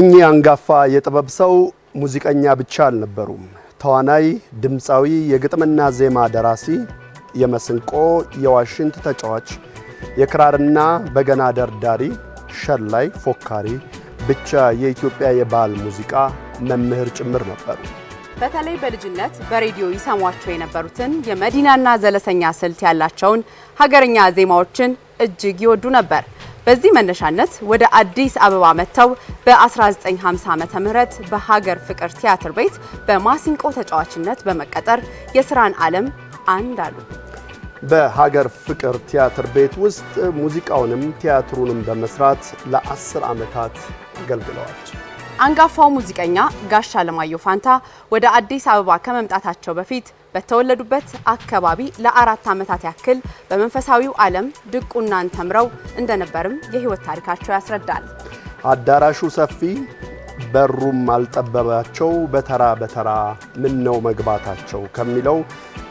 እኚህ አንጋፋ የጥበብ ሰው ሙዚቀኛ ብቻ አልነበሩም። ተዋናይ፣ ድምፃዊ፣ የግጥምና ዜማ ደራሲ፣ የመስንቆ የዋሽንት ተጫዋች፣ የክራርና በገና ደርዳሪ፣ ሸላይ፣ ፎካሪ ብቻ የኢትዮጵያ የባህል ሙዚቃ መምህር ጭምር ነበሩ። በተለይ በልጅነት በሬዲዮ ይሰሟቸው የነበሩትን የመዲናና ዘለሰኛ ስልት ያላቸውን ሀገርኛ ዜማዎችን እጅግ ይወዱ ነበር። በዚህ መነሻነት ወደ አዲስ አበባ መጥተው በ1950 ዓመተ ምህረት በሀገር ፍቅር ቲያትር ቤት በማሲንቆ ተጫዋችነት በመቀጠር የስራን ዓለም አንድ አሉ። በሀገር ፍቅር ቲያትር ቤት ውስጥ ሙዚቃውንም ቲያትሩንም በመስራት ለአስር ዓመታት አገልግለዋል። አንጋፋው ሙዚቀኛ ጋሻ አለማየሁ ፋንታ ወደ አዲስ አበባ ከመምጣታቸው በፊት በተወለዱበት አካባቢ ለአራት ዓመታት ያክል በመንፈሳዊው ዓለም ድቁናን ተምረው እንደነበርም የህይወት ታሪካቸው ያስረዳል። አዳራሹ ሰፊ በሩም አልጠበባቸው በተራ በተራ ምን ነው መግባታቸው ከሚለው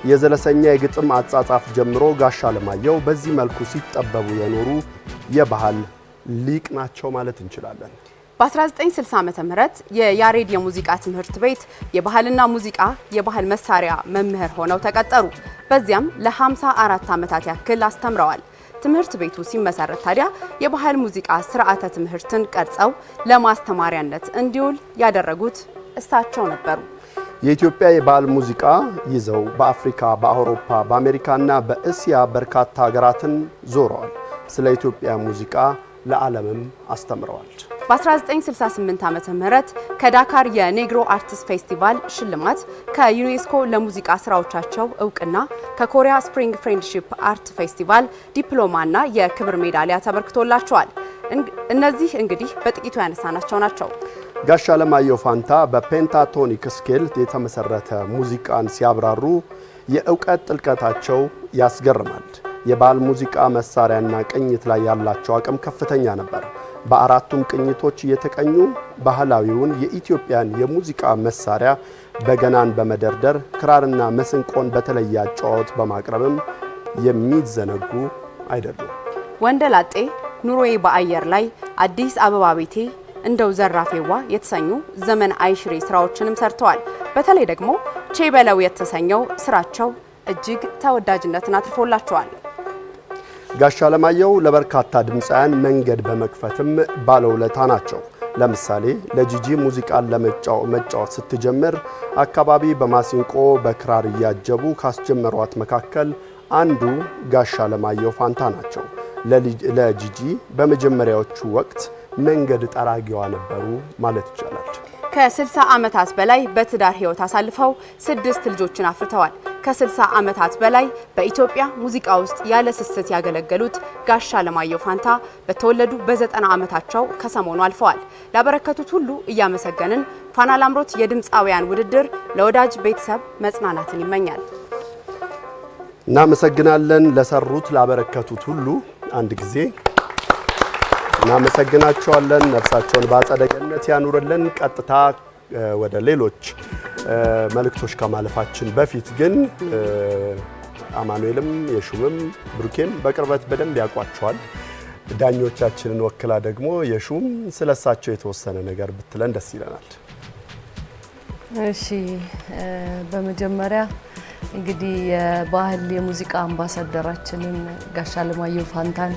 የዘለሰኛ የግጥም አጻጻፍ ጀምሮ ጋሻ ለማየው በዚህ መልኩ ሲጠበቡ የኖሩ የባህል ሊቅ ናቸው ማለት እንችላለን። በ1960 ዓ ም የያሬድ የሙዚቃ ትምህርት ቤት የባህልና ሙዚቃ የባህል መሳሪያ መምህር ሆነው ተቀጠሩ። በዚያም ለ54 ዓመታት ያክል አስተምረዋል። ትምህርት ቤቱ ሲመሰረት ታዲያ የባህል ሙዚቃ ስርዓተ ትምህርትን ቀርጸው ለማስተማሪያነት እንዲውል ያደረጉት እሳቸው ነበሩ። የኢትዮጵያ የባህል ሙዚቃ ይዘው በአፍሪካ፣ በአውሮፓ፣ በአሜሪካና በእስያ በርካታ ሀገራትን ዞረዋል። ስለ ኢትዮጵያ ሙዚቃ ለዓለምም አስተምረዋል። በ1968 ዓ ም ከዳካር የኔግሮ አርቲስት ፌስቲቫል ሽልማት፣ ከዩኔስኮ ለሙዚቃ ስራዎቻቸው እውቅና፣ ከኮሪያ ስፕሪንግ ፍሬንድሺፕ አርት ፌስቲቫል ዲፕሎማና የክብር ሜዳሊያ ተበርክቶላቸዋል። እነዚህ እንግዲህ በጥቂቱ ያነሳናቸው ናቸው። ጋሻ ለማየሁ ፋንታ በፔንታቶኒክ ስኬል የተመሰረተ ሙዚቃን ሲያብራሩ የእውቀት ጥልቀታቸው ያስገርማል። የባህል ሙዚቃ መሳሪያና ቅኝት ላይ ያላቸው አቅም ከፍተኛ ነበር። በአራቱም ቅኝቶች እየተቀኙ ባህላዊውን የኢትዮጵያን የሙዚቃ መሳሪያ በገናን በመደርደር ክራርና መስንቆን በተለየ አጫወት በማቅረብም የሚዘነጉ አይደሉም። ወንደላጤ ኑሮዬ በአየር ላይ አዲስ አበባ ቤቴ እንደው ዘራፌዋ የተሰኙ ዘመን አይሽሬ ስራዎችንም ሰርተዋል። በተለይ ደግሞ ቼበለው የተሰኘው ስራቸው እጅግ ተወዳጅነትን አትርፎላቸዋል። ጋሻ ለማየው ለበርካታ ድምፃውያን መንገድ በመክፈትም ባለውለታ ናቸው። ለምሳሌ ለጂጂ ሙዚቃን መጫወት ስትጀምር አካባቢ በማሲንቆ በክራር እያጀቡ ካስጀመሯት መካከል አንዱ ጋሻ ለማየሁ ፋንታ ናቸው። ለጂጂ በመጀመሪያዎቹ ወቅት መንገድ ጠራጊዋ ነበሩ ማለት ይቻላል። ከ60 ዓመታት በላይ በትዳር ህይወት አሳልፈው ስድስት ልጆችን አፍርተዋል። ከ60 ዓመታት በላይ በኢትዮጵያ ሙዚቃ ውስጥ ያለ ስስት ያገለገሉት ጋሻ ለማየሁ ፋንታ በተወለዱ በዘጠና ዓመታቸው ከሰሞኑ አልፈዋል። ላበረከቱት ሁሉ እያመሰገንን ፋና ላምሮት የድምፃውያን ውድድር ለወዳጅ ቤተሰብ መጽናናትን ይመኛል። እናመሰግናለን ለሰሩት ላበረከቱት ሁሉ አንድ ጊዜ እናመሰግናቸዋለን። ነፍሳቸውን በአጸደ ገነት ያኑርልን። ቀጥታ ወደ ሌሎች መልእክቶች ከማለፋችን በፊት ግን አማኑኤልም የሹምም ብሩኬን በቅርበት በደንብ ያውቋቸዋል። ዳኞቻችንን ወክላ ደግሞ የሹም ስለሳቸው የተወሰነ ነገር ብትለን ደስ ይለናል። እሺ በመጀመሪያ እንግዲህ የባህል የሙዚቃ አምባሳደራችንን ጋሻ አለማየሁ ፋንታን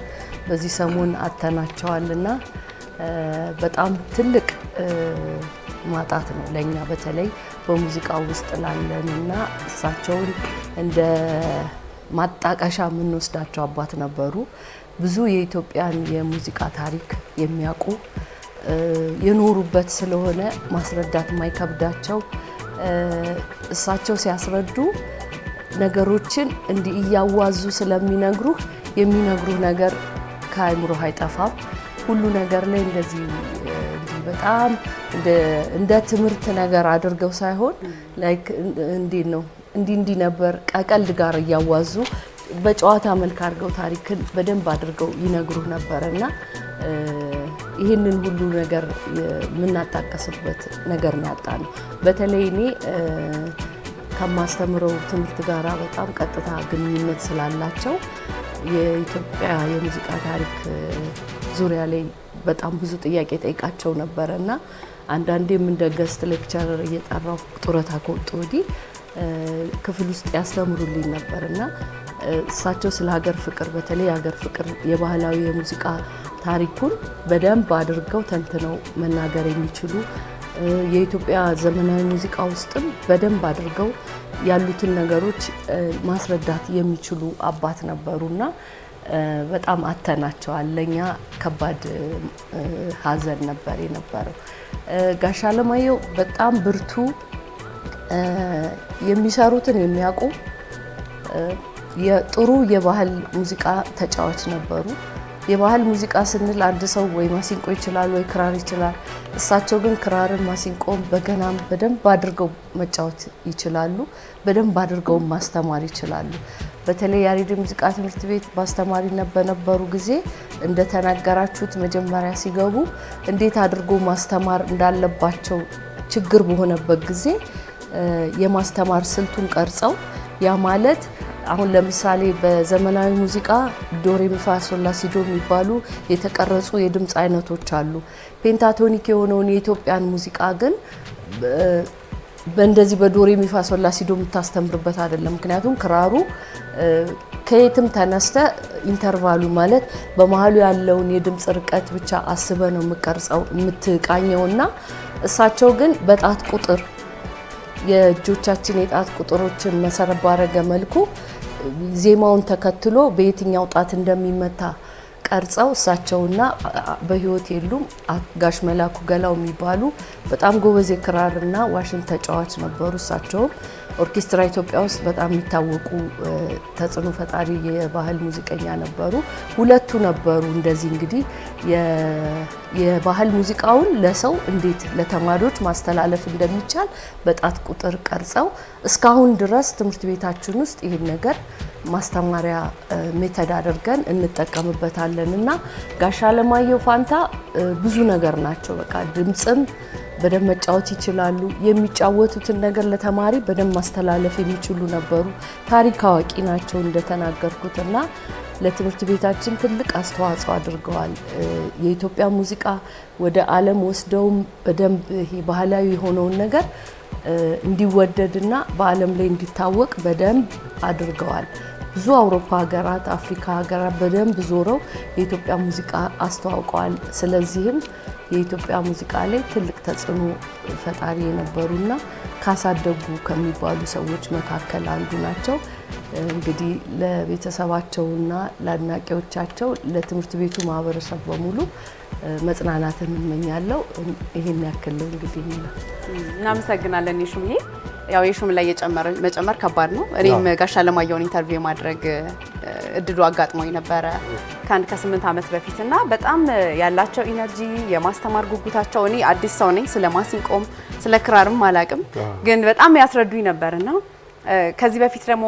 በዚህ ሰሞን አጥተናቸዋልና በጣም ትልቅ ማጣት ነው ለእኛ በተለይ በሙዚቃ ውስጥ ላለንና እሳቸውን እንደ ማጣቀሻ የምንወስዳቸው አባት ነበሩ። ብዙ የኢትዮጵያን የሙዚቃ ታሪክ የሚያውቁ የኖሩበት ስለሆነ ማስረዳት የማይከብዳቸው እሳቸው ሲያስረዱ ነገሮችን እንዲህ እያዋዙ ስለሚነግሩህ የሚነግሩህ ነገር ከአእምሮህ አይጠፋም። ሁሉ ነገር ላይ እንደዚህ በጣም እንደ ትምህርት ነገር አድርገው ሳይሆን ላይክ እንዴት ነው እንዲህ እንዲህ ነበር ቀቀልድ ጋር እያዋዙ በጨዋታ መልክ አድርገው ታሪክን በደንብ አድርገው ይነግሩ ነበር እና ይህንን ሁሉ ነገር የምናጣቀስበት ነገር ነው ያጣ ነው። በተለይ እኔ ከማስተምረው ትምህርት ጋር በጣም ቀጥታ ግንኙነት ስላላቸው የኢትዮጵያ የሙዚቃ ታሪክ ዙሪያ ላይ በጣም ብዙ ጥያቄ ጠይቃቸው ነበረ እና አንዳንዴም እንደ ገስት ሌክቸረር እየጠራው ጡረታ ከወጡ ወዲህ ክፍል ውስጥ ያስተምሩልኝ ነበር እና እሳቸው ስለ ሀገር ፍቅር በተለይ ሀገር ፍቅር የባህላዊ የሙዚቃ ታሪኩን በደንብ አድርገው ተንትነው መናገር የሚችሉ የኢትዮጵያ ዘመናዊ ሙዚቃ ውስጥም በደንብ አድርገው ያሉትን ነገሮች ማስረዳት የሚችሉ አባት ነበሩና በጣም አተናቸዋል። ለእኛ ከባድ ሀዘን ነበር የነበረው። ጋሻ አለማየሁ በጣም ብርቱ፣ የሚሰሩትን የሚያውቁ ጥሩ የባህል ሙዚቃ ተጫዋች ነበሩ። የባህል ሙዚቃ ስንል አንድ ሰው ወይ ማሲንቆ ይችላል ወይ ክራር ይችላል። እሳቸው ግን ክራርን፣ ማሲንቆን፣ በገናም በደንብ አድርገው መጫወት ይችላሉ። በደንብ አድርገው ማስተማር ይችላሉ። በተለይ ያሬድ ሙዚቃ ትምህርት ቤት በአስተማሪነት በነበሩ ጊዜ እንደተናገራችሁት መጀመሪያ ሲገቡ እንዴት አድርጎ ማስተማር እንዳለባቸው ችግር በሆነበት ጊዜ የማስተማር ስልቱን ቀርጸው ያ ማለት አሁን ለምሳሌ በዘመናዊ ሙዚቃ ዶሬ ዶሬሚፋ ሲዶ የሚባሉ የተቀረጹ የድምፅ አይነቶች አሉ። ፔንታቶኒክ የሆነውን የኢትዮጵያን ሙዚቃ ግን በእንደዚህ በዶሬ በዶሬሚፋ ሲዶ የምታስተምርበት አይደለም። ምክንያቱም ክራሩ ከየትም ተነስተ ኢንተርቫሉ ማለት በመሀሉ ያለውን የድምፅ ርቀት ብቻ አስበ ነው የምቀርጸው የምትቃኘውና እሳቸው ግን በጣት ቁጥር የእጆቻችን የጣት ቁጥሮችን መሰረት ባረገ መልኩ ዜማውን ተከትሎ በየትኛው ጣት እንደሚመታ ቀርጸው እሳቸውና በህይወት የሉም ጋሽ መላኩ ገላው የሚባሉ በጣም ጎበዝ የክራርና ዋሽን ተጫዋች ነበሩ። እሳቸውም ኦርኬስትራ ኢትዮጵያ ውስጥ በጣም የሚታወቁ ተጽዕኖ ፈጣሪ የባህል ሙዚቀኛ ነበሩ። ሁለቱ ነበሩ እንደዚህ እንግዲህ የባህል ሙዚቃውን ለሰው እንዴት ለተማሪዎች ማስተላለፍ እንደሚቻል በጣት ቁጥር ቀርጸው እስካሁን ድረስ ትምህርት ቤታችን ውስጥ ይህን ነገር ማስተማሪያ ሜተድ አድርገን እንጠቀምበታለን። እንችላለን እና ጋሽ አለማየሁ ፋንታ ብዙ ነገር ናቸው። በቃ ድምፅም በደንብ መጫወት ይችላሉ። የሚጫወቱትን ነገር ለተማሪ በደንብ ማስተላለፍ የሚችሉ ነበሩ። ታሪክ አዋቂ ናቸው እንደተናገርኩት እና ለትምህርት ቤታችን ትልቅ አስተዋጽኦ አድርገዋል። የኢትዮጵያ ሙዚቃ ወደ ዓለም ወስደውም በደንብ ይሄ ባህላዊ የሆነውን ነገር እንዲወደድና በዓለም ላይ እንዲታወቅ በደንብ አድርገዋል። ብዙ አውሮፓ ሀገራት፣ አፍሪካ ሀገራት በደንብ ዞረው የኢትዮጵያ ሙዚቃ አስተዋውቀዋል። ስለዚህም የኢትዮጵያ ሙዚቃ ላይ ትልቅ ተጽዕኖ ፈጣሪ የነበሩና ካሳደጉ ከሚባሉ ሰዎች መካከል አንዱ ናቸው። እንግዲህ ለቤተሰባቸውና ለአድናቂዎቻቸው ለትምህርት ቤቱ ማህበረሰብ በሙሉ መጽናናትን እንመኛለው። ይህን ያክል እንግዲህ እናመሰግናለን የሹምዬ ያው የሹም ላይ መጨመር ከባድ ነው። እኔም ጋሽ አለማየሁን ኢንተርቪው የማድረግ እድሉ አጋጥሞኝ ነበረ ከአንድ ከስምንት ዓመት በፊት እና በጣም ያላቸው ኢነርጂ የማስተማር ጉጉታቸው እኔ አዲስ ሰው ነኝ፣ ስለ ማሲንቆም ስለ ክራርም አላቅም፣ ግን በጣም ያስረዱኝ ነበር እና ከዚህ በፊት ደግሞ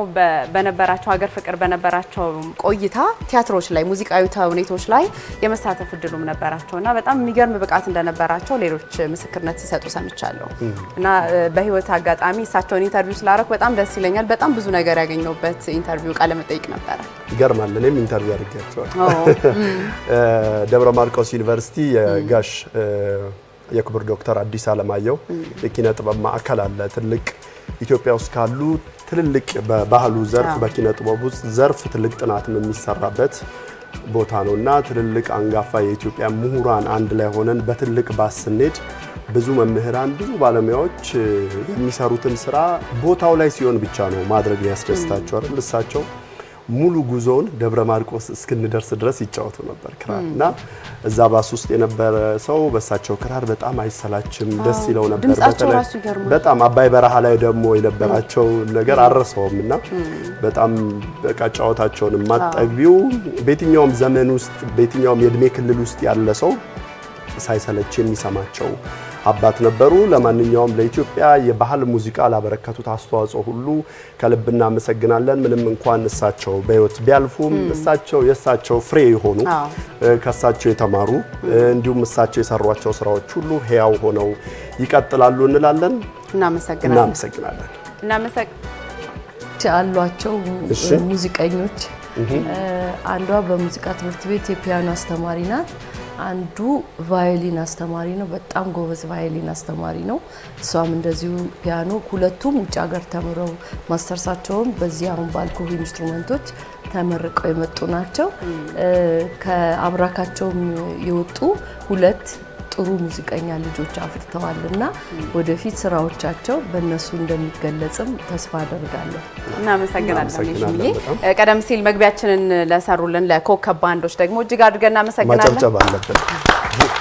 በነበራቸው ሀገር ፍቅር በነበራቸው ቆይታ ቲያትሮች ላይ ሙዚቃዊ ተውኔቶች ላይ የመሳተፍ እድሉም ነበራቸው እና በጣም የሚገርም ብቃት እንደነበራቸው ሌሎች ምስክርነት ሲሰጡ ሰምቻለሁ። እና በህይወት አጋጣሚ እሳቸውን ኢንተርቪው ስላረኩ በጣም ደስ ይለኛል። በጣም ብዙ ነገር ያገኘሁበት ኢንተርቪው ቃለ መጠይቅ ነበረ። ይገርማል። እኔም ኢንተርቪው አድርጌያቸዋል። ደብረ ማርቆስ ዩኒቨርሲቲ የጋሽ የክቡር ዶክተር አዲስ አለማየሁ የኪነ ጥበብ ማዕከል አለ ትልቅ ኢትዮጵያ ውስጥ ካሉ ትልልቅ በባህሉ ዘርፍ በኪነ ጥበቡ ዘርፍ ትልቅ ጥናትም የሚሰራበት ቦታ ነው እና ትልልቅ አንጋፋ የኢትዮጵያ ምሁራን አንድ ላይ ሆነን በትልቅ ባስ ስንሄድ ብዙ መምህራን፣ ብዙ ባለሙያዎች የሚሰሩትን ስራ ቦታው ላይ ሲሆን ብቻ ነው ማድረግ ያስደስታቸው አይደል እሳቸው ሙሉ ጉዞውን ደብረ ማርቆስ እስክንደርስ ድረስ ይጫወቱ ነበር ክራር እና እዛ ባስ ውስጥ የነበረ ሰው በሳቸው ክራር በጣም አይሰላችም፣ ደስ ይለው ነበር። በጣም አባይ በረሃ ላይ ደግሞ የነበራቸው ነገር አረሰውም እና በጣም በቃ ጫወታቸውን ማጠቢው በየትኛውም ዘመን ውስጥ በየትኛውም የእድሜ ክልል ውስጥ ያለ ሰው ሳይሰለች የሚሰማቸው አባት ነበሩ። ለማንኛውም ለኢትዮጵያ የባህል ሙዚቃ ላበረከቱት አስተዋጽኦ ሁሉ ከልብ እናመሰግናለን። ምንም እንኳን እሳቸው በሕይወት ቢያልፉም እሳቸው የእሳቸው ፍሬ የሆኑ ከእሳቸው የተማሩ እንዲሁም እሳቸው የሰሯቸው ስራዎች ሁሉ ሕያው ሆነው ይቀጥላሉ እንላለን። እናመሰግናለን። አሏቸው ሙዚቀኞች አንዷ በሙዚቃ ትምህርት ቤት የፒያኖ አስተማሪ ናት። አንዱ ቫዮሊን አስተማሪ ነው። በጣም ጎበዝ ቫዮሊን አስተማሪ ነው። እሷም እንደዚሁ ፒያኖ፣ ሁለቱም ውጭ ሀገር ተምረው ማስተርሳቸውም በዚህ አሁን ባልኩህ ኢንስትሩመንቶች ተመርቀው የመጡ ናቸው። ከአብራካቸውም የወጡ ሁለት ጥሩ ሙዚቀኛ ልጆች አፍርተዋል እና ወደፊት ስራዎቻቸው በእነሱ እንደሚገለጽም ተስፋ አደርጋለሁ። እናመሰግናለን። ቀደም ሲል መግቢያችንን ለሰሩልን ለኮከብ ባንዶች ደግሞ እጅግ አድርገን እናመሰግናለን።